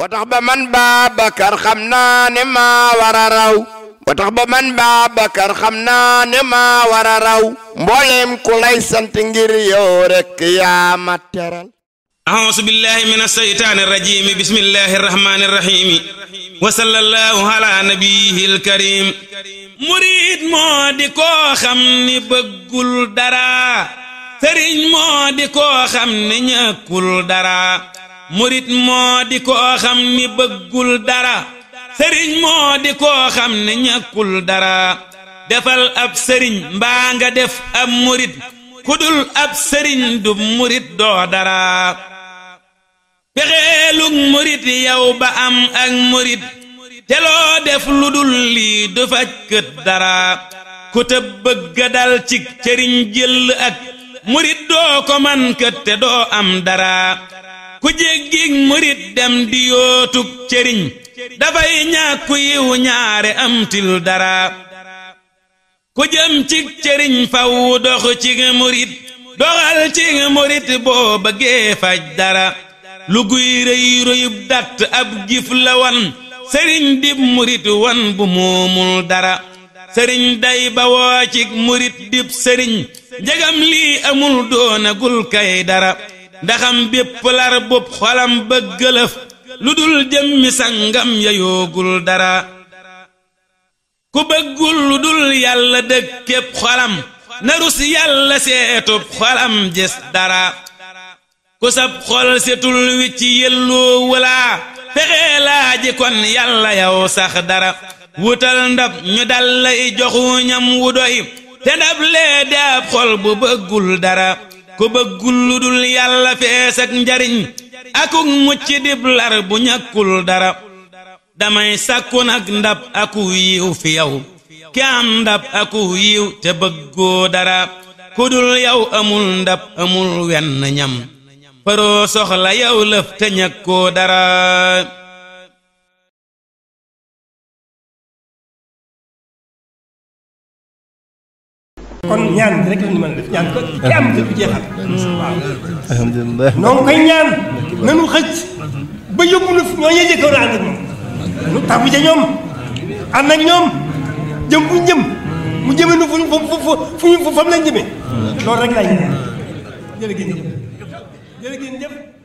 ba tax ba man Babacar xam naa ne maa war a man Babacar xam naa ne maa war a raw mbooleem ku lay sant ngir yow rek yaa ma teral أعوذ بالله من الشيطان الرجيم بسم الله الرحمن الرحيم وصلى الله على نبيه الكريم murid moo di koo xam ni bëggul dara sëriñ moo di koo xam ni ñàkkul dara murit moo di koo xam ni bëggul dara sëriñ moo di koo xam ni ñàkkul dara defal ab sëriñ mbaa nga def ab murit kudul ab sëriñ du murit doo dara pexeelug murit yow ba am ak murit te def lu dul lii du faj kët dara ku te bëgga dal cig cëriñ jëll ak murit doo ko man kët te doo am dara ku jéggig murit dem di yootub cëriñ dafay ñàkku yiw ñaare am amtil dara ku jëm cig cëriñ faw dox cig murit doxal cig murit boo bëggee dara lu guy rëy rëyub datt ab gif la wan sëriñ dib murit wan bu moomul dara sëriñ day bawoo cig murit dib sëriñ njegam lii amul doonagul kay dara ndaxam bépp lar bopp xolam ba gëlëf lu dul jëmmi sangam ya yoogul dara ku bëggul lu dul yàlla dëkkéb xolam narus yàlla seetub xolam gis dara ku sab xol setul wi ci yëlloo wulaa fexee laa ji kon yàlla yow sax dara wutal ndab ñu dal lay joxu wu doy te ndab lee daab xol bu bëggul dara ku bëggul lu dul yàlla fees ak njariñ akuk mucc dib lar bu ñàkkul dara damay sàkku nag ndab aku yiw fi yow ki am ndab aku yiw te bëggoo dara ku dul yow amul ndab amul wenn ñam paroo soxla yow lëf te ñàkkoo dara kon ñaan rek la ñu mën a def ñaan ko ci am dëgg jeexal. waaw koy ñaan nanu xëcc ba yóbbu na ñoo ñee jëkkoon a ak moom nu tàbbi ca ñoom ànd ak ñoom jëm bu jëm mu jëme nu fu fu fu fu lañ jëmee loolu rek laay ñaan